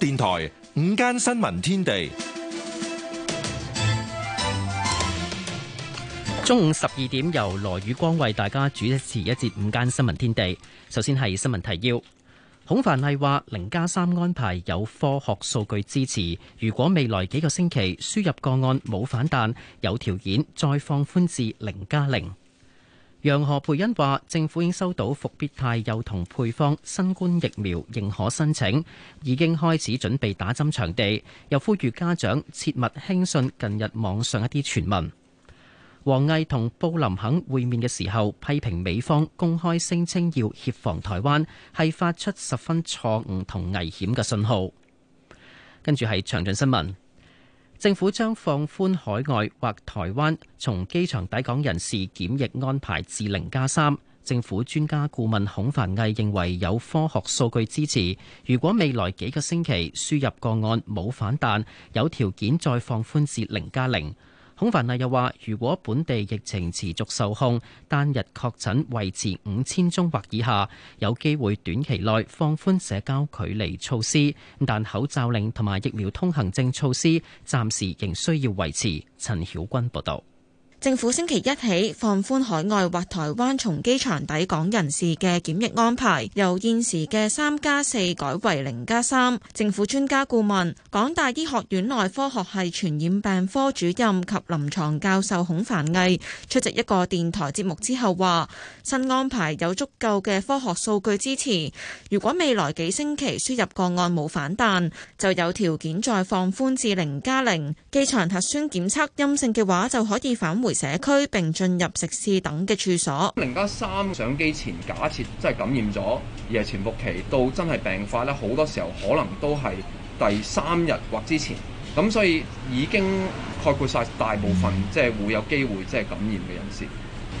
電台午間新聞天地，中午十二點由羅宇光為大家主持一節午間新聞天地。首先係新聞提要，孔繁麗話零加三安排有科學數據支持，如果未來幾個星期輸入個案冇反彈，有條件再放寬至零加零。楊何培恩話：政府已經收到復必泰幼童配方新冠疫苗認可申請，已經開始準備打針場地。又呼籲家長切勿輕信近日網上一啲傳聞。王毅同布林肯會面嘅時候，批評美方公開聲稱要協防台灣，係發出十分錯誤同危險嘅信號。跟住係詳盡新聞。政府將放寬海外或台灣從機場抵港人士檢疫安排至零加三。政府專家顧問孔繁毅認為有科學數據支持，如果未來幾個星期輸入個案冇反彈，有條件再放寬至零加零。孔繁毅又話，如果本地疫情持續受控，單日確診維持五千宗或以下，有機會短期內放寬社交距離措施，但口罩令同埋疫苗通行證措施暫時仍需要維持。陳曉君報導。政府星期一起放寬海外或台灣從機場抵港人士嘅檢疫安排，由現時嘅三加四改為零加三。政府專家顧問、港大醫學院內科學系傳染病科主任及臨床教授孔繁毅出席一個電台節目之後話：新安排有足夠嘅科學數據支持。如果未來幾星期輸入個案冇反彈，就有條件再放寬至零加零。機場核酸檢測陰性嘅話，就可以返回社區並進入食肆等嘅處所。零加三上機前，假設真係感染咗，而係潛伏期到真係病發咧，好多時候可能都係第三日或之前。咁所以已經概括晒大部分即係、就是、會有機會即係、就是、感染嘅人士。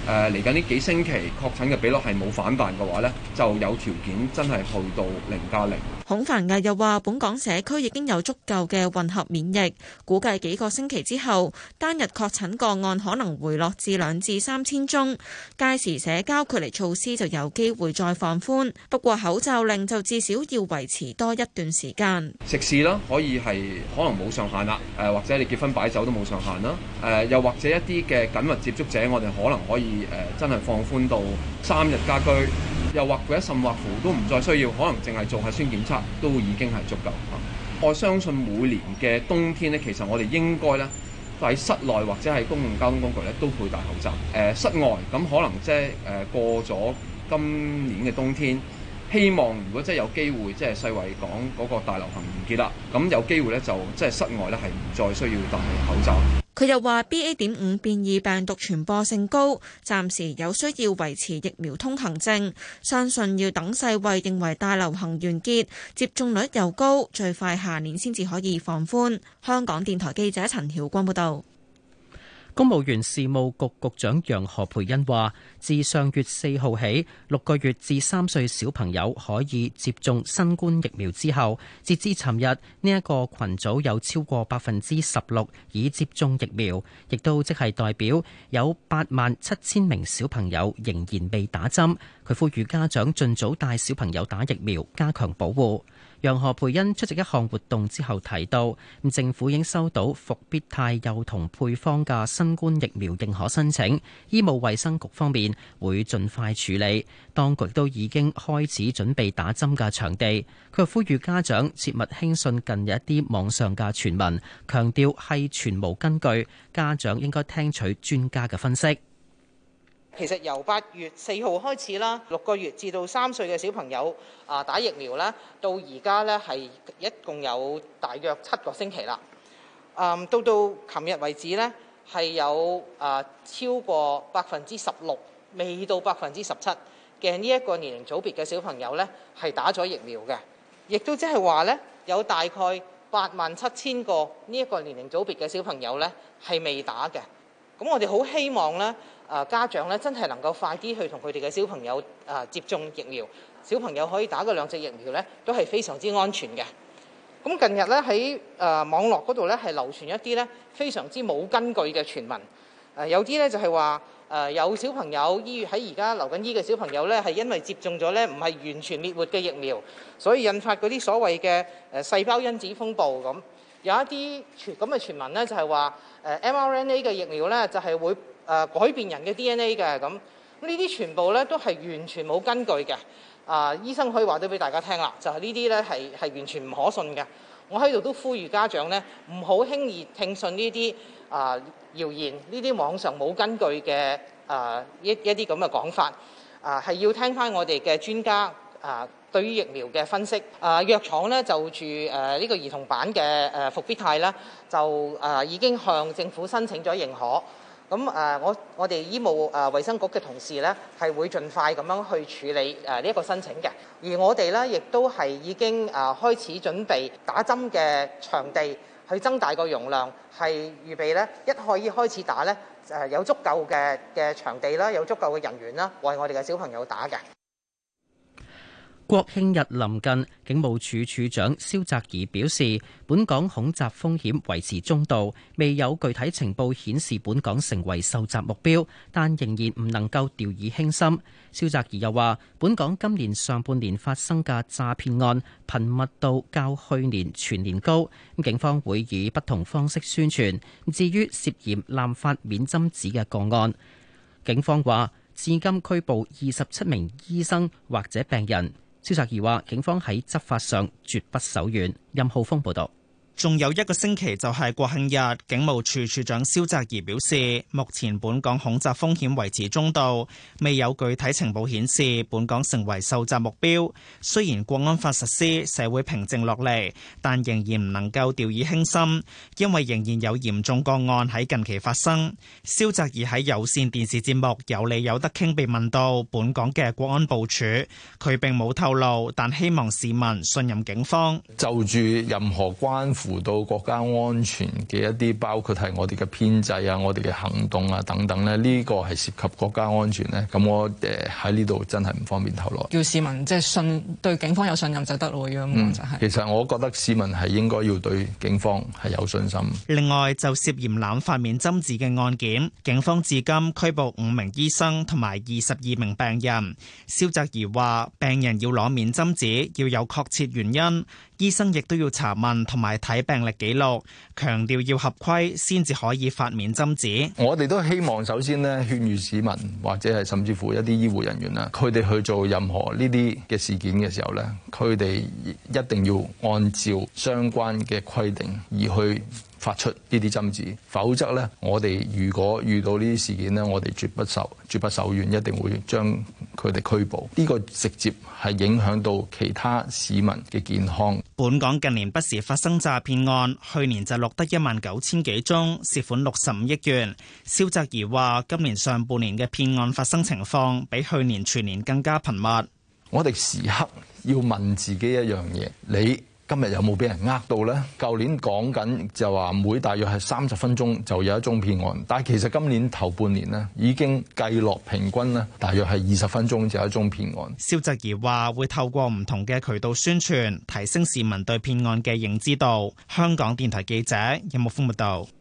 誒，嚟緊呢幾星期確診嘅比率係冇反彈嘅話呢，就有條件真係去到零加零。孔繁毅又話：本港社區已經有足夠嘅混合免疫，估計幾個星期之後，單日確診個案可能回落至兩至三千宗，屆時社交距離措施就有機會再放寬。不過口罩令就至少要維持多一段時間。食肆啦，可以係可能冇上限啦，誒或者你結婚擺酒都冇上限啦，誒、呃、又或者一啲嘅緊密接觸者，我哋可能可以。真係放寬到三日家居，又或者甚或乎都唔再需要，可能淨係做核酸檢測都已經係足夠。我相信每年嘅冬天呢，其實我哋應該呢，喺室內或者係公共交通工具呢，都佩戴口罩。誒、呃、室外咁可能即係誒過咗今年嘅冬天，希望如果真係有機會，即、就、係、是、世衞講嗰個大流行完結啦，咁有機會呢，就即、是、係室外呢，係唔再需要戴口罩。佢又話：BA.5 變異病毒傳播性高，暫時有需要維持疫苗通行證。相信要等世衛認為大流行完結，接種率又高，最快下年先至可以放寬。香港電台記者陳曉光報道。公務員事務局局長楊何培恩話，自上月四號起，六個月至三歲小朋友可以接種新冠疫苗之後，截至尋日，呢一個群組有超過百分之十六已接種疫苗，亦都即係代表有八萬七千名小朋友仍然未打針。佢呼籲家長盡早帶小朋友打疫苗，加強保護。楊何蓓茵出席一項活動之後提到，政府已經收到復必泰幼童配方嘅新冠疫苗認可申請，醫務衛生局方面會盡快處理。當局都已經開始準備打針嘅場地。佢呼籲家長切勿輕信近日一啲網上嘅傳聞，強調係全無根據，家長應該聽取專家嘅分析。其實由八月四號開始啦，六個月至到三歲嘅小朋友啊，打疫苗啦，到而家咧係一共有大約七個星期啦。嗯，到到琴日為止咧，係有啊超過百分之十六，未到百分之十七嘅呢一個年齡組別嘅小朋友咧，係打咗疫苗嘅。亦都即係話咧，有大概八萬七千個呢一個年齡組別嘅小朋友咧係未打嘅。咁我哋好希望咧。啊！家長咧真係能夠快啲去同佢哋嘅小朋友啊、呃、接種疫苗，小朋友可以打嗰兩隻疫苗咧，都係非常之安全嘅。咁近日咧喺啊網絡嗰度咧係流傳一啲咧非常之冇根據嘅傳聞，誒、呃、有啲咧就係話誒有小朋友醫院喺而家留緊醫嘅小朋友咧係因為接種咗咧唔係完全滅活嘅疫苗，所以引發嗰啲所謂嘅誒細胞因子風暴咁。有一啲傳咁嘅傳聞咧就係、是、話誒、呃、mRNA 嘅疫苗咧就係、是、會。誒、呃、改變人嘅 D N A 嘅咁，呢啲全部咧都係完全冇根據嘅。啊、呃，醫生可以話咗俾大家聽啦，就係、是、呢啲咧係係完全唔可信嘅。我喺度都呼籲家長咧唔好輕易聽信呢啲啊謠言，呢啲網上冇根據嘅啊、呃、一一啲咁嘅講法啊，係、呃、要聽翻我哋嘅專家啊、呃、對於疫苗嘅分析啊、呃，藥廠咧就住誒呢、呃這個兒童版嘅誒復必泰咧就誒、呃、已經向政府申請咗認可。咁誒，我我哋醫務誒衞生局嘅同事呢，係會盡快咁樣去處理誒呢一個申請嘅。而我哋呢，亦都係已經誒開始準備打針嘅場地，去增大個容量，係預備呢，一可以開始打呢，誒有足夠嘅嘅場地啦，有足夠嘅人員啦，為我哋嘅小朋友打嘅。國慶日臨近，警務處處長蕭澤頤表示，本港恐襲風險維持中度，未有具體情報顯示本港成為受襲目標，但仍然唔能夠掉以輕心。蕭澤頤又話，本港今年上半年發生嘅詐騙案頻密度較去年全年高，警方會以不同方式宣傳。至於涉嫌濫發免針紙嘅個案，警方話至今拘捕二十七名醫生或者病人。蕭澤怡話：警方喺執法上絕不手軟。任浩峰報道。仲有一個星期就係國慶日，警務處處長蕭澤頤表示，目前本港恐襲風險維持中度，未有具體情報顯示本港成為受襲目標。雖然國安法實施，社會平靜落嚟，但仍然唔能夠掉以輕心，因為仍然有嚴重個案喺近期發生。蕭澤頤喺有線電視節目《有理有得傾》被問到本港嘅國安部署，佢並冇透露，但希望市民信任警方。就住任何關符到國家安全嘅一啲，包括係我哋嘅編制啊、我哋嘅行動啊等等呢。呢個係涉及國家安全呢。咁我誒喺呢度真係唔方便透露。叫市民即係信對警方有信任就得咯，咁樣就係，嗯。其實我覺得市民係應該要對警方係有信心。另外就涉嫌濫發免針紙嘅案件，警方至今拘捕五名醫生同埋二十二名病人。蕭澤頤話：病人要攞免針紙，要有確切原因，醫生亦都要查問同埋。睇病歷記錄，強調要合規先至可以發免針紙。我哋都希望首先呢，勸喻市民或者係甚至乎一啲醫護人員啦，佢哋去做任何呢啲嘅事件嘅時候呢，佢哋一定要按照相關嘅規定而去。發出呢啲針子否則呢，我哋如果遇到呢啲事件呢，我哋絕不手絕不手軟，一定會將佢哋拘捕。呢、這個直接係影響到其他市民嘅健康。本港近年不時發生詐騙案，去年就錄得一萬九千幾宗，涉款六十五億元。蕭澤怡話：今年上半年嘅騙案發生情況，比去年全年更加頻密。我哋時刻要問自己一樣嘢，你。今日有冇俾人呃到呢？舊年講緊就話每大約係三十分鐘就有一宗騙案，但係其實今年頭半年呢，已經計落平均呢，大約係二十分鐘就有一宗騙案。蕭澤怡話會透過唔同嘅渠道宣傳，提升市民對騙案嘅認知度。香港電台記者任木風報道。有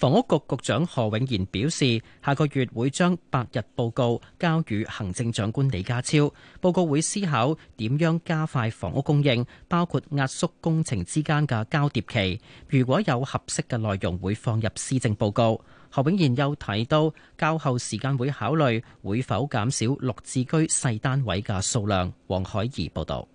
房屋局局長何永賢表示，下個月會將百日報告交予行政長官李家超，報告會思考點樣加快房屋供應，包括壓縮工程之間嘅交疊期。如果有合適嘅內容，會放入施政報告。何永賢又提到，較後時間會考慮會否減少綠置居細單位嘅數量。黃海怡報道。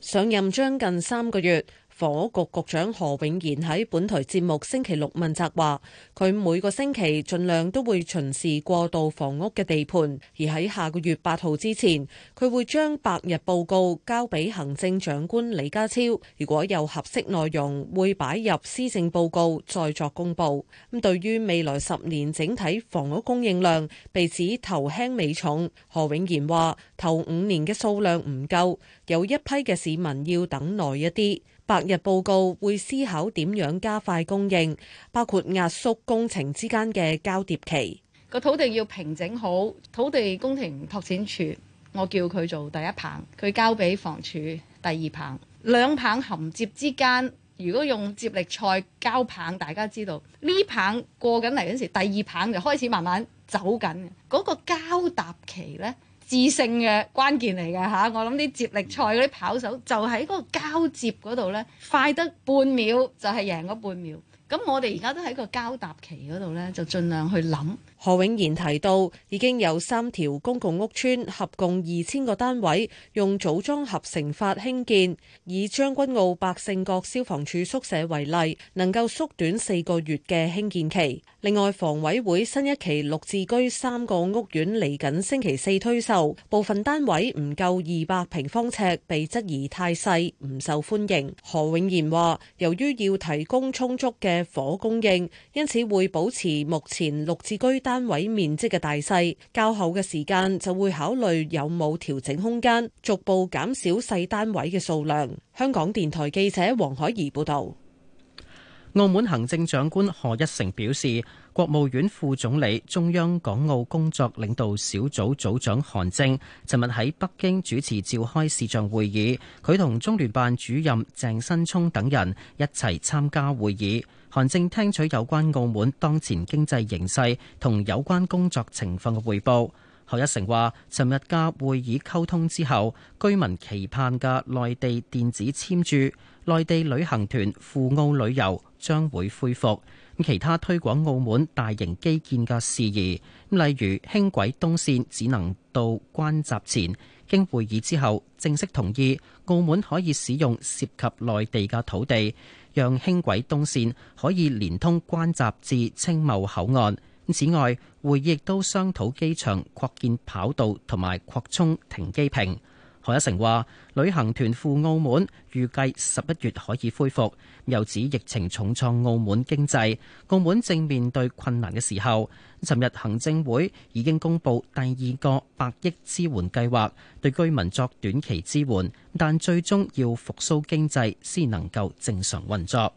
上任將近三個月。房屋局局長何永賢喺本台節目星期六問責話，佢每個星期盡量都會巡視過渡房屋嘅地盤，而喺下個月八號之前，佢會將百日報告交俾行政長官李家超。如果有合適內容，會擺入施政報告再作公布。咁對於未來十年整體房屋供應量被指頭輕尾重，何永賢話，頭五年嘅數量唔夠，有一批嘅市民要等耐一啲。百日報告會思考點樣加快供應，包括壓縮工程之間嘅交疊期。個土地要平整好，土地工程拓展處，我叫佢做第一棒，佢交俾房署第二棒。兩棒銜接之間，如果用接力賽交棒，大家知道呢棒過緊嚟嗰時，第二棒就開始慢慢走緊。嗰、那個交搭期呢。致勝嘅關鍵嚟嘅嚇，我諗啲接力賽嗰啲跑手就喺嗰個交接嗰度呢快得半秒就係贏嗰半秒。咁我哋而家都喺個交搭期嗰度呢就盡量去諗。何永賢提到，已經有三條公共屋邨合共二千個單位用組裝合成法興建，以將軍澳百勝角消防處宿舍為例，能夠縮短四個月嘅興建期。另外，房委會新一期綠置居三個屋苑嚟緊星期四推售，部分單位唔夠二百平方尺，被質疑太細，唔受歡迎。何永賢話：由於要提供充足嘅火供應，因此會保持目前綠置居單位面積嘅大細，較後嘅時間就會考慮有冇調整空間，逐步減少細單位嘅數量。香港電台記者黃海怡報道。澳門行政長官何一成表示，國務院副總理、中央港澳工作領導小組組長韓正尋日喺北京主持召開視像會議，佢同中聯辦主任鄭新聰等人一齊參加會議。韓正聽取有關澳門當前經濟形勢同有關工作情況嘅匯報。何一成話，尋日嘅會議溝通之後，居民期盼嘅內地電子簽注、內地旅行團赴澳旅遊，將會恢復。其他推廣澳門大型基建嘅事宜，例如輕軌東線只能到關閘前，經會議之後正式同意澳門可以使用涉及內地嘅土地，讓輕軌東線可以連通關閘至青茂口岸。此外，會議亦都商討機場擴建跑道同埋擴充停機坪。何一成話，旅行團赴澳門預計十一月可以恢復。又指疫情重創澳門經濟，澳門正面對困難嘅時候，尋日行政會已經公布第二個百億支援計劃，對居民作短期支援，但最終要復甦經濟先能夠正常運作。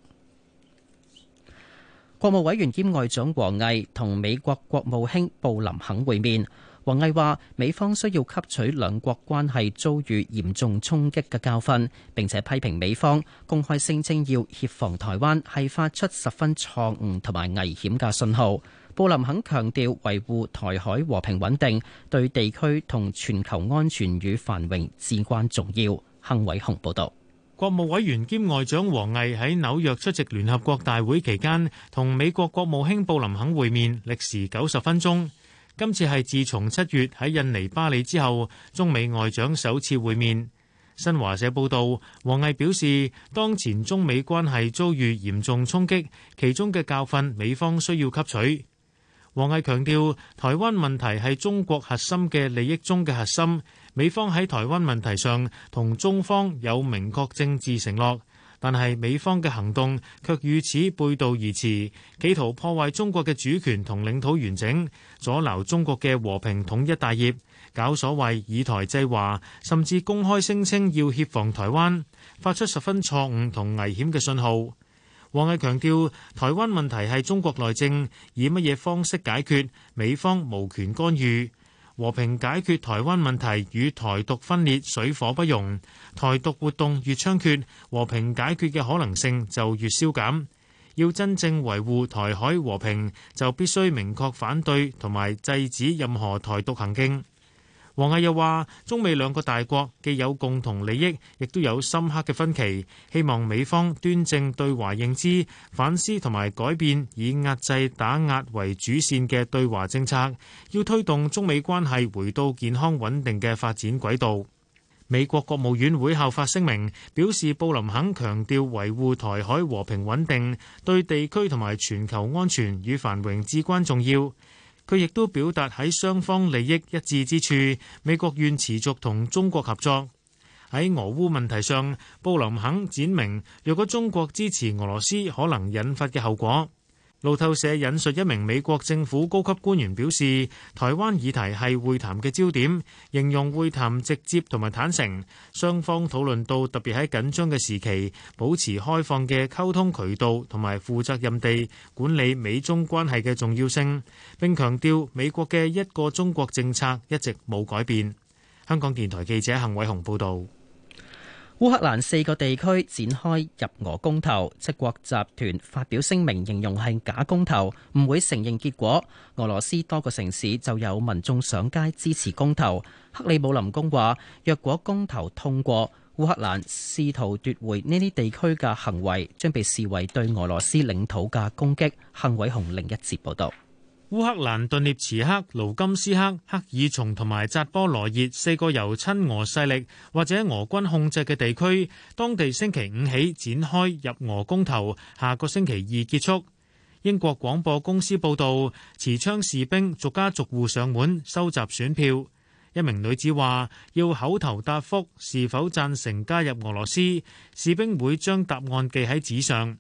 國務委員兼外長王毅同美國國務卿布林肯會面。王毅話：美方需要吸取兩國關係遭遇嚴重衝擊嘅教訓，並且批評美方公開聲稱要協防台灣係發出十分錯誤同埋危險嘅信號。布林肯強調，維護台海和平穩定對地區同全球安全與繁榮至關重要。亨偉雄報導。國務委員兼外長王毅喺紐約出席聯合國大會期間，同美國國務卿布林肯會面，歷時九十分鐘。今次係自從七月喺印尼巴厘之後，中美外長首次會面。新華社報導，王毅表示，當前中美關係遭遇嚴重衝擊，其中嘅教訓美方需要吸取。王毅強調，台灣問題係中國核心嘅利益中嘅核心，美方喺台灣問題上同中方有明確政治承諾。但係美方嘅行動卻與此背道而馳，企圖破壞中國嘅主權同領土完整，阻撓中國嘅和平統一大業，搞所謂以台制華，甚至公開聲稱要協防台灣，發出十分錯誤同危險嘅信號。王毅強調，台灣問題係中國內政，以乜嘢方式解決，美方無權干預。和平解決台灣問題與台獨分裂水火不容。台獨活動越猖獗，和平解決嘅可能性就越消減。要真正維護台海和平，就必須明確反對同埋制止任何台獨行徑。王毅又話：中美兩個大國既有共同利益，亦都有深刻嘅分歧。希望美方端正對華認知，反思同埋改變以壓制打壓為主線嘅對華政策，要推動中美關係回到健康穩定嘅發展軌道。美國國務院會後發聲明，表示布林肯強調維護台海和平穩定對地區同埋全球安全與繁榮至關重要。佢亦都表達喺雙方利益一致之處，美國願持續同中國合作。喺俄烏問題上，布林肯展明若果中國支持俄羅斯，可能引發嘅後果。路透社引述一名美國政府高級官員表示，台灣議題係會談嘅焦點，形容會談直接同埋坦誠，雙方討論到特別喺緊張嘅時期保持開放嘅溝通渠道同埋負責任地管理美中關係嘅重要性。並強調美國嘅一個中國政策一直冇改變。香港電台記者陳偉雄報道。烏克蘭四個地區展開入俄公投，七國集團發表聲明，形容係假公投，唔會承認結果。俄羅斯多個城市就有民眾上街支持公投。克里姆林宮話，若果公投通過，烏克蘭試圖奪回呢啲地區嘅行為將被視為對俄羅斯領土嘅攻擊。幸偉雄另一節報道。烏克蘭頓涅茨克、盧甘斯克、克爾松同埋扎波羅熱四個由親俄勢力或者俄軍控制嘅地區，當地星期五起展開入俄公投，下個星期二結束。英國廣播公司報道，持槍士兵逐家逐戶上門收集選票。一名女子話要口頭答覆是否贊成加入俄羅斯，士兵會將答案記喺紙上。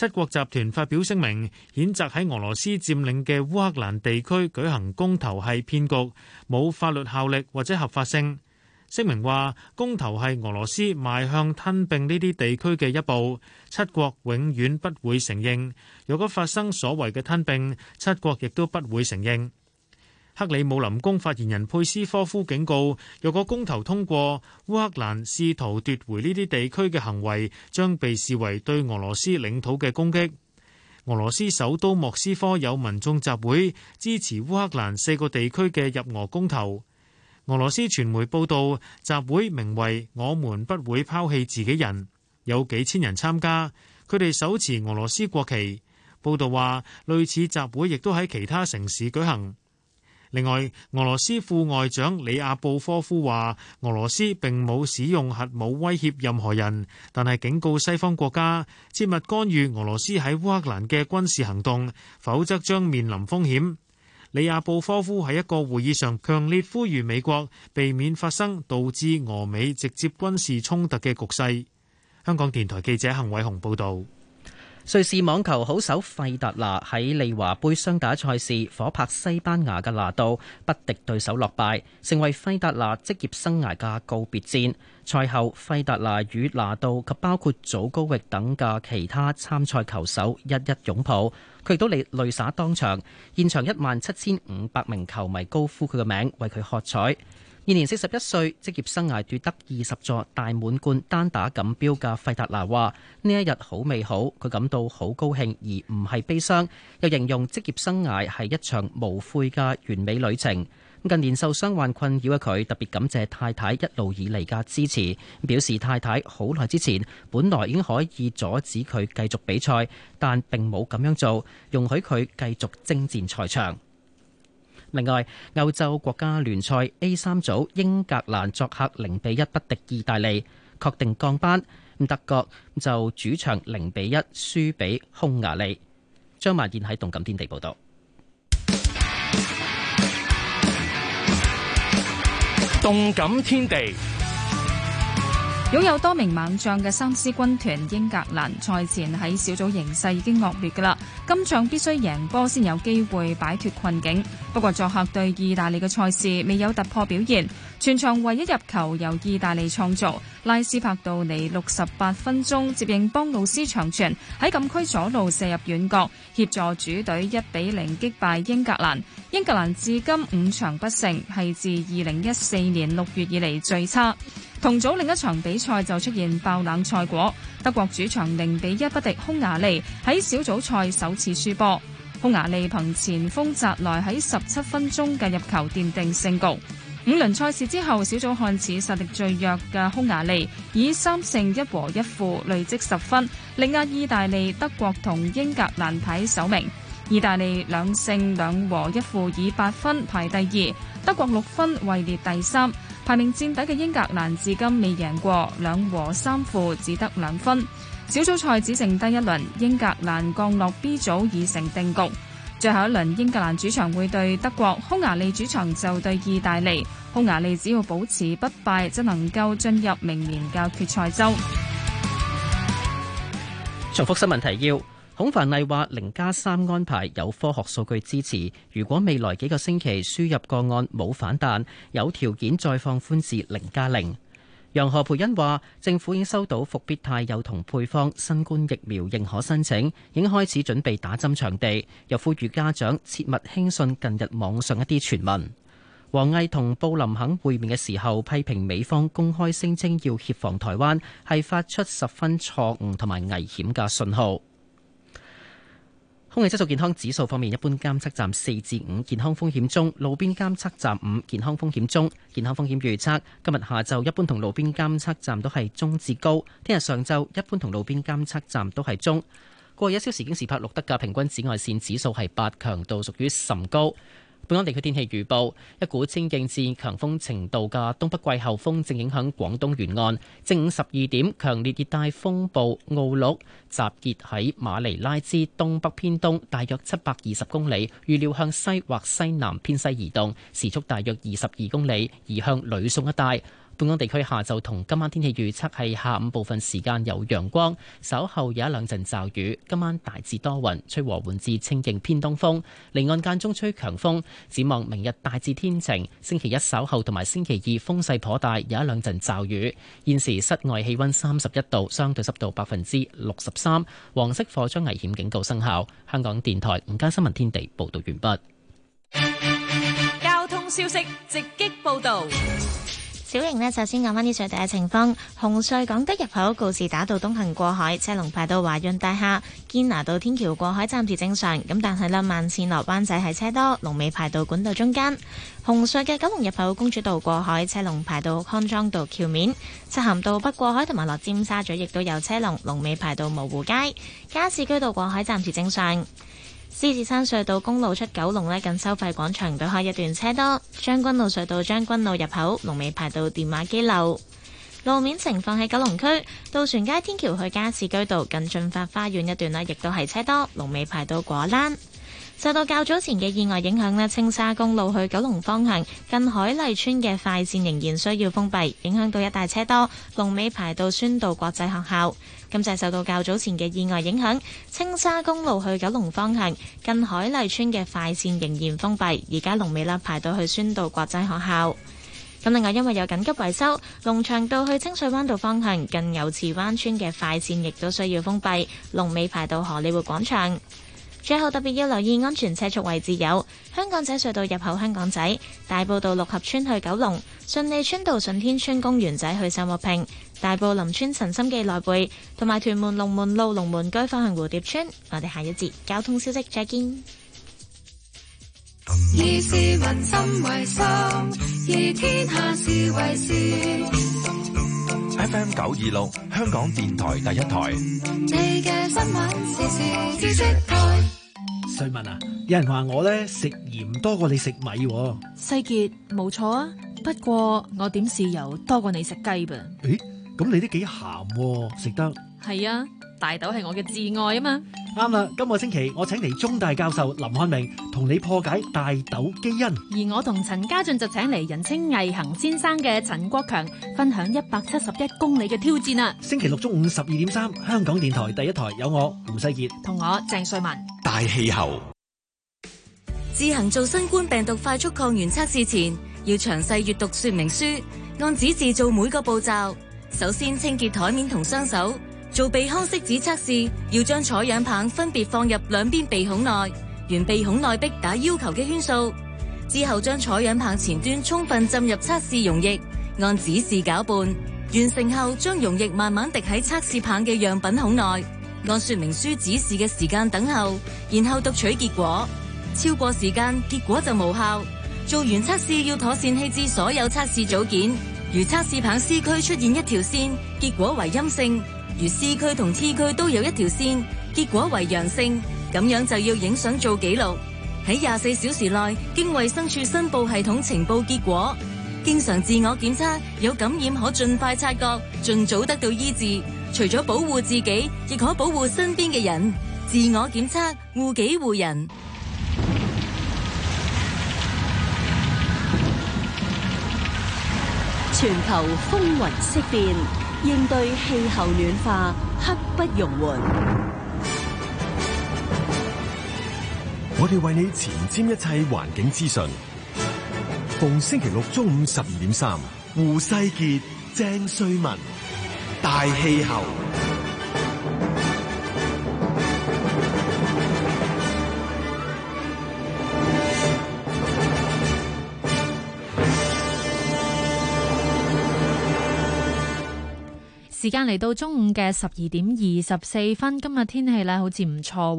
七國集團發表聲明，譴責喺俄羅斯佔領嘅烏克蘭地區舉行公投係騙局，冇法律效力或者合法性。聲明話，公投係俄羅斯邁向吞併呢啲地區嘅一步，七國永遠不會承認。如果發生所謂嘅吞併，七國亦都不會承認。克里姆林宮發言人佩斯科夫警告，若果公投通過烏克蘭試圖奪回呢啲地區嘅行為，將被視為對俄羅斯領土嘅攻擊。俄羅斯首都莫斯科有民眾集會支持烏克蘭四個地區嘅入俄公投。俄羅斯傳媒報道，集會名為《我們不會拋棄自己人》，有幾千人參加，佢哋手持俄羅斯國旗。報道話，類似集會亦都喺其他城市舉行。另外，俄羅斯副外長里亞布科夫話：俄羅斯並冇使用核武威脅任何人，但係警告西方國家切勿干預俄羅斯喺烏克蘭嘅軍事行動，否則將面臨風險。里亞布科夫喺一個會議上強烈呼籲美國避免發生導致俄美直接軍事衝突嘅局勢。香港電台記者幸偉雄報導。瑞士網球好手費達拿喺利華杯雙打賽事火拍西班牙嘅拿度，不敵對手落敗，成為費達拿職業生涯嘅告別戰。賽後，費達拿與拿度及包括祖高域等嘅其他參賽球手一一擁抱，佢亦都嚟淚灑當場。現場一萬七千五百名球迷高呼佢嘅名，為佢喝彩。現年41歲職業生涯奪得20座大滿貫單打錦標嘅費達拿話,呢一日好美好,佢感到好高興,而唔係悲傷,又形容職業生涯係一場無悔嘅完美旅程,近年受傷患困擾嘅佢,特別感謝太太一路以嚟嘅支持,表示太太好耐之前本來已經可以阻止佢繼續比賽,但並冇咁樣做,容許佢繼續爭戰賽場。 另外，歐洲國家聯賽 A 三組，英格蘭作客零比一不敵意大利，確定降班。咁德國就主場零比一輸俾匈牙利。張萬燕喺動感天地報道。動感天地。報擁有多名猛將嘅三獅軍團英格蘭，賽前喺小組形勢已經惡劣㗎喇，今仗必須贏波先有機會擺脫困境。不過作客對意大利嘅賽事未有突破表現，全場唯一入球由意大利創造。拉斯帕杜尼六十八分鐘接應邦魯斯長傳，喺禁區左路射入遠角，協助主隊一比零擊敗英格蘭。英格蘭至今五場不勝，係自二零一四年六月以嚟最差。同組另一場比賽就出現爆冷賽果，德國主場零比一不敵匈牙利，喺小組賽首次輸波。匈牙利憑前鋒扎內喺十七分鐘嘅入球奠定勝局。五輪賽事之後，小組看似實力最弱嘅匈牙利以三勝一和一負累積十分，力壓意大利、德國同英格蘭排首名。意大利兩勝兩和一負以，以八分排第二。德國六分位列第三。排名墊底嘅英格蘭至今未贏過，兩和三負只得兩分。小組賽只剩低一輪，英格蘭降落 B 組已成定局。最後一輪，英格蘭主場會對德國，匈牙利主場就對意大利。匈牙利只要保持不敗，就能夠進入明年嘅決賽周。重複新聞提要，孔凡麗話零加三安排有科學數據支持，如果未來幾個星期輸入個案冇反彈，有條件再放寬至零加零。楊何培恩話：政府已收到復必泰幼童配方新冠疫苗認可申請，已經開始準備打針場地。又呼籲家長切勿輕信近日網上一啲傳聞。王毅同布林肯會面嘅時候，批評美方公開聲稱要協防台灣，係發出十分錯誤同埋危險嘅信號。空氣質素健康指數方面，一般監測站四至五，健康風險中；路邊監測站五，健康風險中。健康風險預測今日下晝一般同路邊監測站都係中至高，聽日上晝一般同路邊監測站都係中。過去一小時京士柏錄得嘅平均紫外線指數係八，強度屬於甚高。本港地區天氣預報：一股清勁至強風程度嘅東北季候風正影響廣東沿岸。正午十二點，強烈熱帶風暴奧鹿集結喺馬尼拉至東北偏東大約七百二十公里，預料向西或西南偏西移動，時速大約二十二公里，移向呂宋一帶。本港地區下晝同今晚天氣預測係下午部分時間有陽光，稍後有一兩陣驟雨。今晚大致多雲，吹和緩至清勁偏東風，離岸間中吹強風。展望明日大致天晴，星期一稍後同埋星期二風勢頗大，有一兩陣驟雨。現時室外氣溫三十一度，相對濕度百分之六十三，黃色火災危險警告生效。香港電台午間新聞天地報道完畢。交通消息直擊報道。小瑩呢，首先講翻啲最第一情況。紅隧港德入口告士打道東行過海，車龍排到華潤大廈堅拿道天橋過海，暫時正常。咁但係咧，慢線落灣仔喺車多，龍尾排到管道中間。紅隧嘅九龍入口公主道過海，車龍排到康莊道橋面。漆咸道北過海同埋落尖沙咀，亦都有車龍，龍尾排到蕪湖街。加士居道過海暫時正常。獅子山隧道公路出九龍咧，近收費廣場對開一段車多。將軍路隧道將軍路入口，龍尾排到電話機樓。路面情況喺九龍區渡船街天橋去加士居道近駿發花園一段咧，亦都係車多，龍尾排到果欄。受到較早前嘅意外影響呢，青沙公路去九龍方向近海麗村嘅快線仍然需要封閉，影響到一大車多，龍尾排到宣道國際學校。咁就係受到較早前嘅意外影響，青沙公路去九龍方向近海麗村嘅快線仍然封閉，而家龍尾立排到去宣道國際學校。咁另外因為有緊急維修，龍翔道去清水灣道方向近牛池灣村嘅快線亦都需要封閉，龍尾排到荷里活廣場。最後特別要留意安全車速位置有：香港仔隧道入口、香港仔、大埔道六合村去九龍、順利邨道順天村公園仔去秀茂坪、大埔林村神心記內背，同埋屯門龍門路龍門居方向蝴蝶村。我哋下一節交通消息再見。以市民心為心，以天下事為事。FM 九二六，香港電台第一台。你嘅新聞時事資訊台。再問啊！有人話我咧食鹽多過你食米、哦，世杰冇錯啊。不過我點豉油多過你食雞噃？誒、欸，咁你都幾鹹喎，食得係啊。大豆係我嘅摯愛啊嘛，啱啦！今個星期我請嚟中大教授林漢明同你破解大豆基因，而我同陳家俊就請嚟人稱毅行先生嘅陳國強分享一百七十一公里嘅挑戰啦。星期六中午十二點三，香港電台第一台有我吳世傑同我鄭瑞文。大氣候。自行做新冠病毒快速抗原測試前，要詳細閱讀說明書，按指示做每個步驟。首先清潔台面同雙手。做鼻腔拭子測試，要將採樣棒分別放入兩邊鼻孔內，沿鼻孔內壁打要求嘅圈數。之後將採樣棒前端充分浸入測試溶液，按指示攪拌。完成後，將溶液慢慢滴喺測試棒嘅樣品孔內，按說明書指示嘅時間等候，然後讀取結果。超過時間，結果就無效。做完測試要妥善棄置所有測試組件。如測試棒 C 區出現一條線，結果為陰性。如 C 區同 T 區都有一條線，結果為陽性，咁樣就要影相做記錄，喺廿四小時內經衛生署申報系統呈報結果。經常自我檢測，有感染可盡快察覺，盡早得到醫治。除咗保護自己，亦可保護身邊嘅人。自我檢測，護己護人。全球風雲色變。應對氣候暖化，刻不容緩。我哋為你前瞻一切環境資訊，逢星期六中午十二點三，胡世杰、鄭瑞文，大氣候。時間嚟到中午嘅十二點二十四分，今日天氣咧好似唔錯。